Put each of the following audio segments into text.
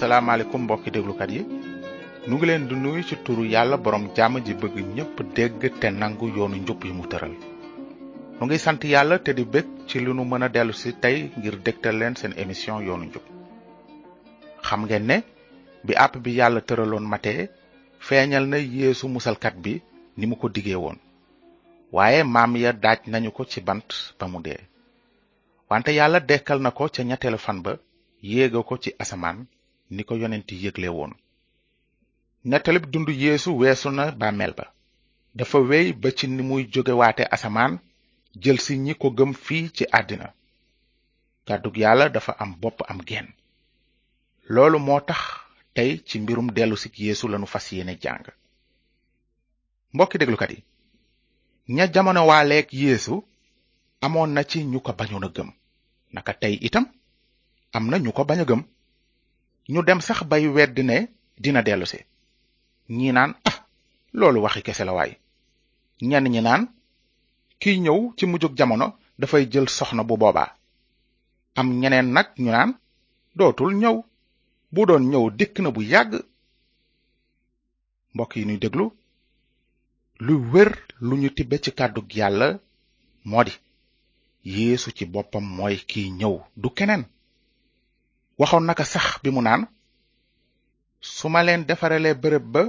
salaamaaleykum mbokki déglukat yi nu ngi leen di nuyu ci turu yàlla boroom jàmm ji bëgg ñépp dégg te nangu yoonu njub yu mu tëral nu ngi sant yàlla te di bég ci li nu mën a dellu si tey ngir dégtal leen seen émission yoonu njub xam ngeen ne bi àpp bi yàlla tëraloon mate feeñal na yeesu musalkat bi ni mu ko digee woon waaye maam ya daaj nañu ko ci bant ba mu dee wante yàlla dekkal na ko ca ñetteelu fan ba yéega ko ci asamaan ni ko yonent yëgle woon nettalib dundu yeesu weesu na bàmmeel ba dafa wey ba ci ni muy jógewaate asamaan jël si ñi ko gëm fii ci àddina kàddug yàlla dafa am bopp am genn loolu moo tax tey ci mbirum dellu si yeesu lanu fas yéene jàng mbokki déglukat yi ña jamono waaleeg yeesu amoon na ci ñu ko bañoon a gëm naka tey itam am na ñu ko bañ a gëm ñu dem sax bay wedd ne dina dellusi ñi naan ah loolu waxi kese la waay ñenn ñi naan kiy ñëw ci mujjug jamono dafay jël soxna bu boobaa am ñeneen nag ñu naan dootul ñëw bu doon ñëw dikk na bu yàgg mbokk yi ñuy déglu lu wér lu ñu tibbe ci kàddu yàlla moo di yeesu ci boppam mooy kiy ñëw du keneen waxoon naka sax bi mu naan su ma leen defarale bërëb ba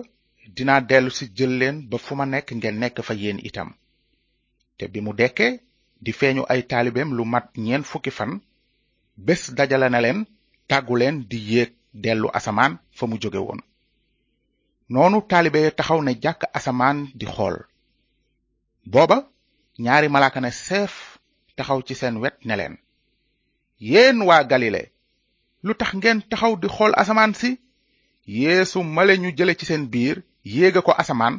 dinaa dellu si jël leen ba fu ma nekk ngeen nekk fa yéen itam te bi mu dekkee di feeñu ay taalibeem lu mat ñeent fukki fan bés dajale na leen tàggu leen di yéeg dellu asamaan fa mu jóge woon noonu taalibe taxaw ne jàkk asamaan di xool booba ñaari malaaka ne seef taxaw ci seen wet ne leen yéen waa galile lu tax ngeen taxaw di xool asamaan si yéesu male ñu jële ci seen biir yéega ko asamaan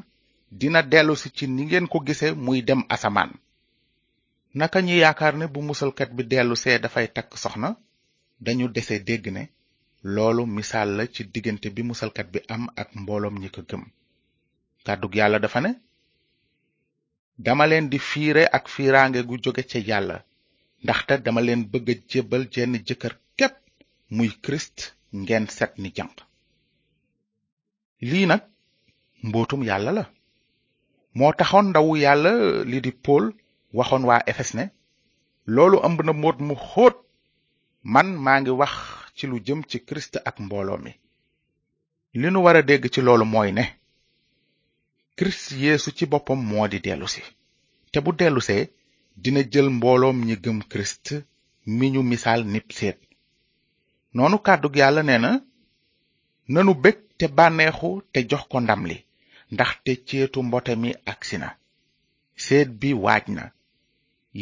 dina dellusi ci ni ngeen ko gisee muy dem asamaan naka ñi yaakaar ne bu musalkat bi dellusee dafay takk soxna dañu dese dégg ne loolu misaal la ci diggante bi musalkat bi am ak mbooloom ñi ko gëm kàddug yàlla dafa ne dama leen di fiire ak fiiraange gu jóge ca yàlla ndaxte dama leen bëgg a jébbal jenn jëkkër képp muy Christ ngeen set ni janq lii nag mbootum yàlla la moo taxoon ndawu yàlla li di Pool waxoon waa Efes ne loolu ëmb na mbóot mu xóot man maa ngi wax ci lu jëm ci Christ ak mbooloo mi li nu war a dégg ci loolu mooy ne Christ yéesu ci boppam moo di dellusi te bu dellusee dina jël mbooloom ñi gëm Christ mi ñu misaal nib seet noonu kàddug yàlla nee na nanu bég te bànneexu te jox ko ndam li ndaxte ceetu mbote mi agsi na seet bi waaj na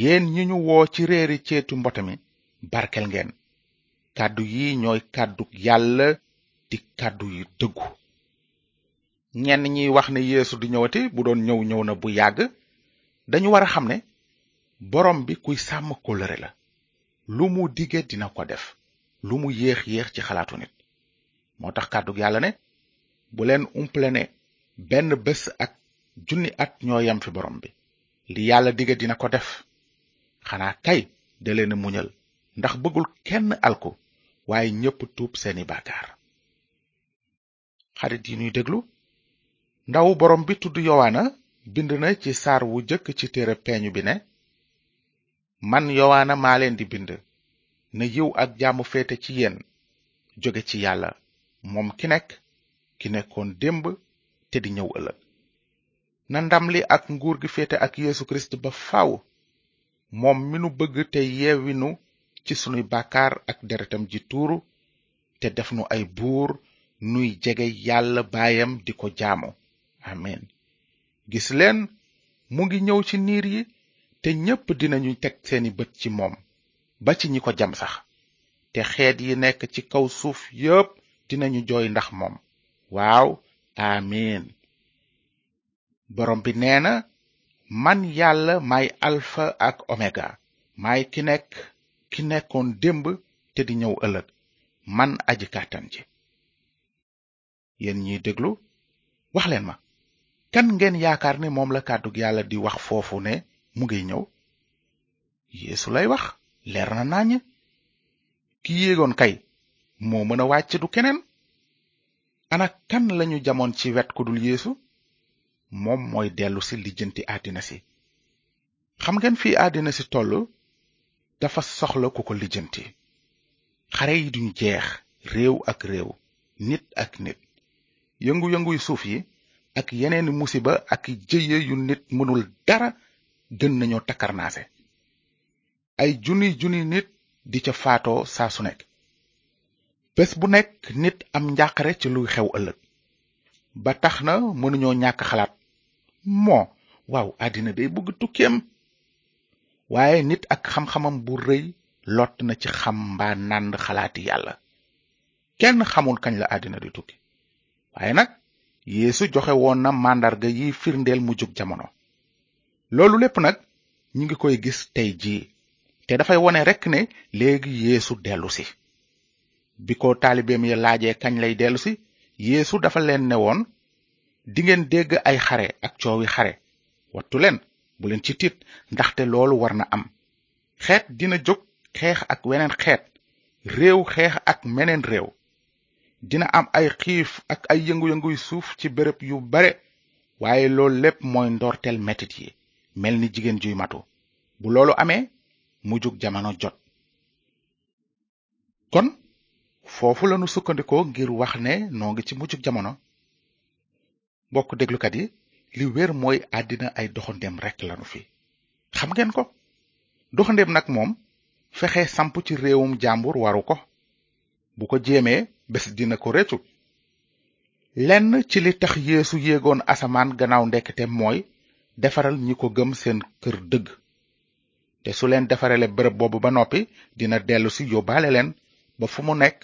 yéen ñi ñu woo ci réeri ceetu mbote mi barkel ngeen kàddu yi ñooy kàddug yàlla di kàddu yi dëggu ñenn ñiy wax ne yéesu du ñëwati bu doon ñëw ñëw na bu yàgg dañu war a xam ne borom bi kuy sàmm kóllëre la lu mu dige dina ko def lu mu yéex yéex ci xalaatu nit moo tax kàddug yàlla ne bu leen umple ne benn bés ak junni at ñoo yam fi borom bi li yàlla diga dina ko def xanaa kay da leen muñal ndax bëggul kenn alku waaye ñépp tuub seeni bàkkaar xarit yi ñuy déglu ndaw borom bi tudd yowaana bind na ci saar wu jëkk ci téere peeñu bi ne man yowaana maa leen di bind na yiw ak jàmm féete ci yéen jóge ci yàlla moom ki nekk ki nekkoon démb te di ñëw ëllëg na ndam li ak nguur gi féete ak Yeesu Kirist ba faw moom mi nu bëgg te yeewinu ci sunuy bàkkaar ak deretam ji tuuru te def nu ay buur nuy jege yàlla baayam di ko jaamu amen gis leen mu ngi ñëw ci niir yi te ñépp dinañu teg seeni bët ci moom ba ci ñi ko jam sax te xeet yi nekk ci kaw suuf yépp dinañu jooy ndax moom waaw amiin borom bi nee na man yàlla may alfa ak omega may ki nekk ki nekkoon démb te di ñëw ëllëg man aji kàttan ji yéen ñiy déglu wax leen ma kan ngeen yaakaar ne moom la kàddug yàlla di wax foofu ne mu ngi ñëw yeesu lay wax leer na naññ ki yéegoon kay moo mën a wàcc du keneen ana kan lañu jamoon ci wet ku dul yeesu moom mooy dellusi lijjanti àddina si xam ngeen fii àddina si toll dafa soxla ku ko lijjanti xare yi duñ jeex réew ak réew nit ak nit yëngu-yënguy suuf yi ak yeneeni musiba ak jëye yu nit mënul dara gën nañoo takkarnaase ay junniy junni nit di ca faatoo saa su nekk bés bu nekk nit am njàqare ci luy xew ëllëg ba tax na mënuñoo ñàkk xalaat moo waaw àddina day bëgg tukkeem waaye nit ak xam-xamam bu rëy lot na ci xam mbaa nànd xalaati yàlla kenn xamul kañ la àddina di tukki waaye nag yéesu joxe woon na màndarga yi firndeel mu jug jamono loolu lépp nag ñu ngi koy gis tey jii te dafay wone rek ne léegi yéesu dellu si bi ko taalibeem ya laajee kañ lay dellu si yeesu dafa leen ne woon dingeen dégg ay xare ak coowi xare wattu leen bu leen ci tiit ndaxte loolu war na am xeet dina jóg xeex ak weneen xeet réew xeex ak meneen réew dina am ay xiif ak ay yëngu-yënguy suuf ci bërëb yu bare waaye loolu lépp mooy ndoorteel metit yi mel ni jigéen juy matu bu loolu amee mujjug jamono jot kon foofu lanu sukkandikoo ngir wax ne noo ngi ci mujjug jamono mbokk déglukat yi li wér mooy àddina ay doxandéem rekk lanu fi xam ngeen ko doxandeem nag moom fexe samp ci réewum jàmbur waru ko bu ko jéemee bés dina ko réccu lenn ci li tax yéesu yéegoon asamaan gannaaw ndekkite mooy defaral ñi ko gëm seen kër dëgg te su leen defarale bërëb boobu ba noppi dina dellusi si leen ba fu mu nekk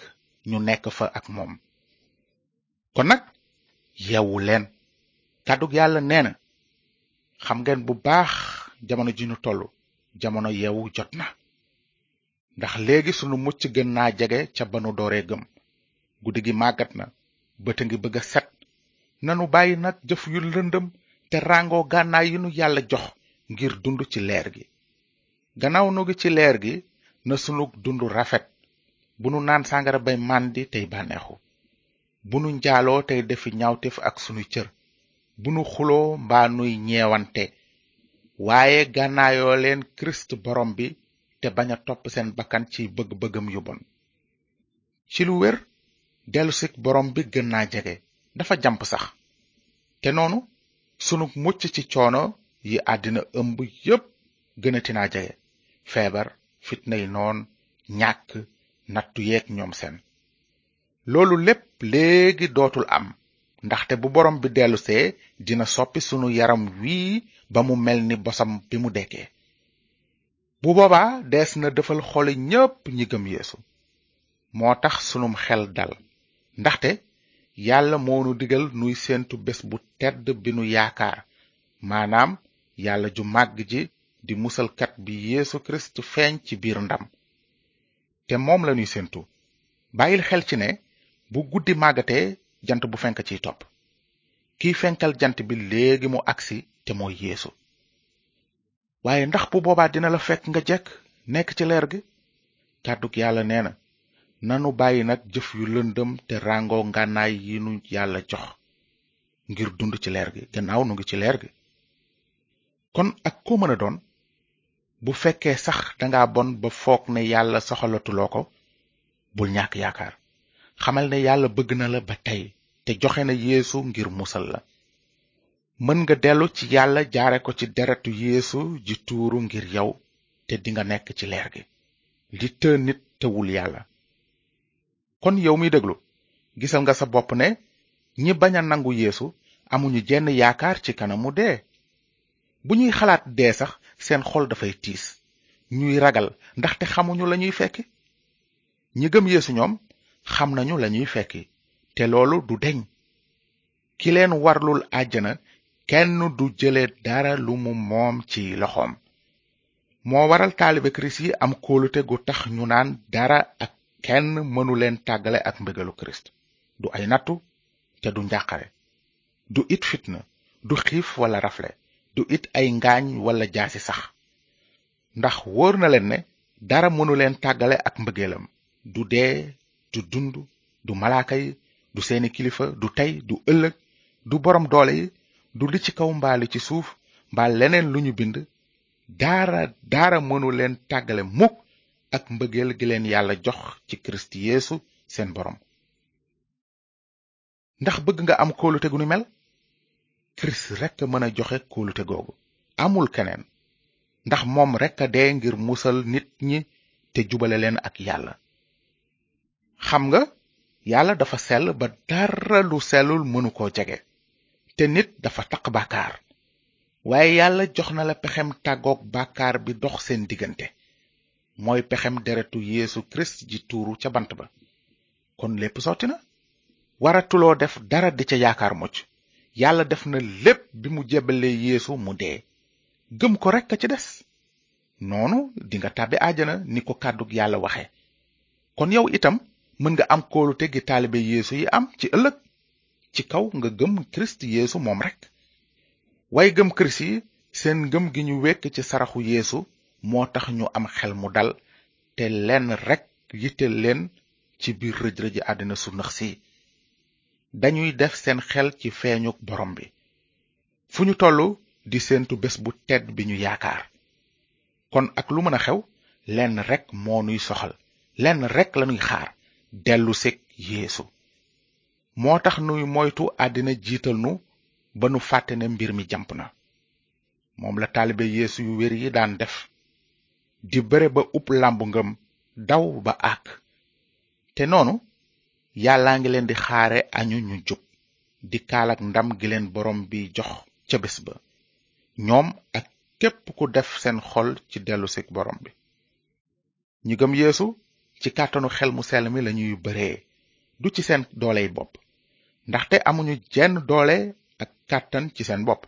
ñu nekk fa ak moom kon nag yeewu leen kàddug yàlla nee na xam ngeen bu baax jamono ji ñu toll jamono yeewu jot na ndax léegi sunu mucc gën naa jege ca banu dooree gëm guddi gi màggat na bët a ngi bëgg set nanu bàyyi nag jëf yu lëndëm te ràngoo gànnaay yi nu yàlla jox ngir dund ci leer gi gannaaw nu ci leer gi na sunu dund rafet bu nu naan sàngara bay màndi tey bànneexu bu nu njaaloo tey defi ñaawteef ak sunuy cër bu nu xuloo mbaa nuy ñeewante waaye gànnaayoo leen kirist borom bi te bañ a topp seen bakkan ci bëgg-bëggam yu bon ci lu wér dellusik borom bi gën naa jege dafa jamp sax te noonu sunu mucc ci coono yi àddina ëmb yépp gënati naa jege feebar fitna yi noon ñàkk nattu yeeg ñoom seen loolu lépp léegi dootul am ndaxte bu borom bi dellusee dina soppi sunu yaram wii ba mu mel ni bosam bi mu dekkee bu boobaa des na defal xoli ñépp ñi gëm yeesu moo tax sunum xel dal ndaxte yàlla moonu digal nuy séentu bés bu tedd bi nu yaakaar maanaam yàlla ju màgg ji di musalkat bi Yeesu Kirist feeñ ci biir ndam te moom lañuy séentu bàyyil xel ci ne bu guddi màggatee jant bu fenk ciy topp kiy fenkal jant bi léegi mu agsi te mooy yéesu waaye ndax bu boobaa dina la fekk nga jekk nekk ci leer gi kàddug yàlla nee na nanu bàyyi nag jëf yu lëndëm te ràngoo ngànnaay yi nu yàlla jox ngir dund ci leer gi gannaaw nu ngi ci leer gi kon ak koo mën a doon bu fekkee sax danga bon ba foog ne yàlla soxalatuloo ko bul ñàkk yaakaar xamal ne yàlla bëgg na la ba tey te joxe na yéesu ngir musal la mën nga dellu ci yàlla jaare ko ci deretu yéesu ji tuuru ngir yow te dinga nekk ci leer gi li të nit tëwul yàlla kon yow mi déglu gisal nga sa bopp ne ñi bañ a nangu yéesu amuñu jenn yaakaar ci kanamu dee bu ñuy xalaat dee sax seen xol dafay tiis ñuy ragal ndaxte xamuñu lañuy fekki ñi gëm yeesu ñoom xam nañu lañuy fekki te loolu du deñ ki leen warlul àjjana kenn du jële dara lu mu moom ci loxoom moo waral taalibe kirist yi am kóolute gu tax ñu naan dara ak kenn mënu leen tàggale ak mbégalu kirist du ay nattu te du njàqare du it fitna du xiif wala rafle du it ay ngaañ walla jaasi sax ndax wóor na leen ne dara mënu leen tàggale ak mbëggeelam du dee du dund du malaaka yi du seeni kilifa du tey du ëllëg du borom doole yi du li ci kaw mbaa li ci suuf mbaa leneen lu ñu bind daara daara mënu leen tàggale mukk ak mbëggeel gi leen yàlla jox ci kirist yéesu seen borom ndax bëgg nga am kóolute gu mel kirist rekk mën a joxe kóolute googu amul keneen ndax moom rekk a dee ngir musal nit ñi te jubale leen ak yàlla xam nga yàlla dafa sel ba dara lu sellul mënu koo jege te nit dafa taq bàkkaar waaye yàlla jox na la pexem tàggoog bàkkaar bi dox seen diggante mooy pexem deretu yéesu kirist ji tuuru ca bant ba kon lépp sotti na waratuloo def dara di ca yaakaar mucc yàlla def na lépp bi mu jebalee yéesu mu dee gëm ko rekk a ci des noonu dinga tàbbi ajana ni ko kàddu yàlla waxe kon yow itam mën nga am kóolute gi taalibe yeesu yi am ci ëllëg ci kaw nga gëm kirist yéesu moom rekk way gëm kirist yi seen ngëm gi ñu wékk ci saraxu yéesu moo tax ñu am xel mu dal te lenn rekk yitteel leen ci biir rëj-rëji àddina su nax si dañuy def seen xel ci feeñuk borom bi fu ñu tollu di séentu bés bu tedd bi ñu yaakaar kon ak lu mën a xew lenn rekk moo nuy soxal lenn rekk lanuy xaar dellu seg yeesu moo tax nuy moytu àddina jiital nu ba nu fàtte ne mbir mi jamp na moom la taalibe yeesu yu wér yi daan def di bëre ba upp làmbu ngëm daw ba àkk te noonu yàllaa ngi leen di xaare añu ñu jub di kaalak ndam gi leen borom bi jox ca bés ba ñoom ak képp ku def seen xol ci dellusi borom bi ñi gëm yeesu ci kàttanu xel mu sell mi lañuy bëree du ci seen dooley bopp ndaxte amuñu jenn doole ak kàttan ci seen bopp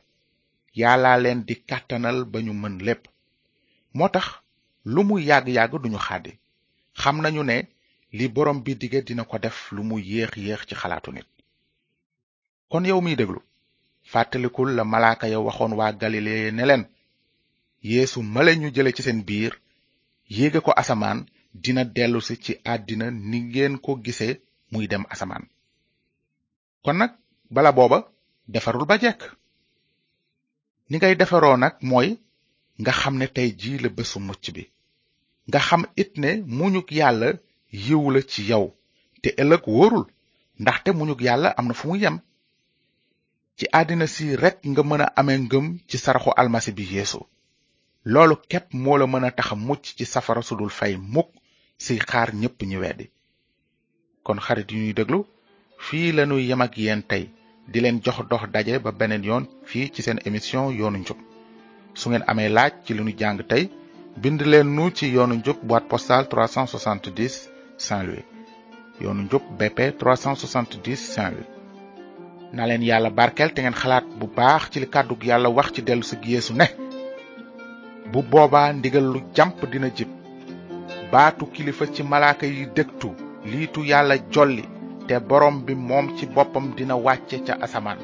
yàllaa leen di kàttanal ba ñu mën lépp moo tax lu mu yàgg-yàgg duñu xàddi xam nañu ne li borom bi dige dina ko def lu mu yéex yéex ci xalaatu nit kon yow miy déglu fàttalikul la malaaka ya waxoon waa galilée ne leen yeesu male ñu jële ci seen biir yéege ko asamaan dina dellusi ci àddina ni ngeen ko gisee muy dem asamaan kon nag bala booba defarul ba jekk ni ngay defaroo nag mooy nga xam ne tey jii la bésu mucc bi nga xam it ne muñuk yàlla yiw la ci yow te ëllëg wóorul ndaxte muñug yàlla am na fu mu yem ci àddina si rek nga mën a amee ngëm ci saraxu almasi bi yeesu loolu képp moo la mën a tax mucc ci safara su dul fay mukk si xaar ñépp ñi weddi kon xarit yu ñuy déglu fii lañuy yem ak yéen tey di leen jox dox daje ba beneen yoon fii ci seen émission yoonu njub su ngeen amee laaj ci li ñu jàng tey bind leen nu ci yoonu njub boîte postale 370 Saint-Louis yoonu njub BP 370 Saint-Louis na leen yàlla barkeel te ngeen xalaat bu baax ci li kàddu yàlla wax ci dellu si Yeesu ne bu boobaa ndigalu jàmp dina jib baatu kilifa ci malaaka yi dégtu liitu yàlla jolli te borom bi moom ci boppam dina wàcce ca asamaan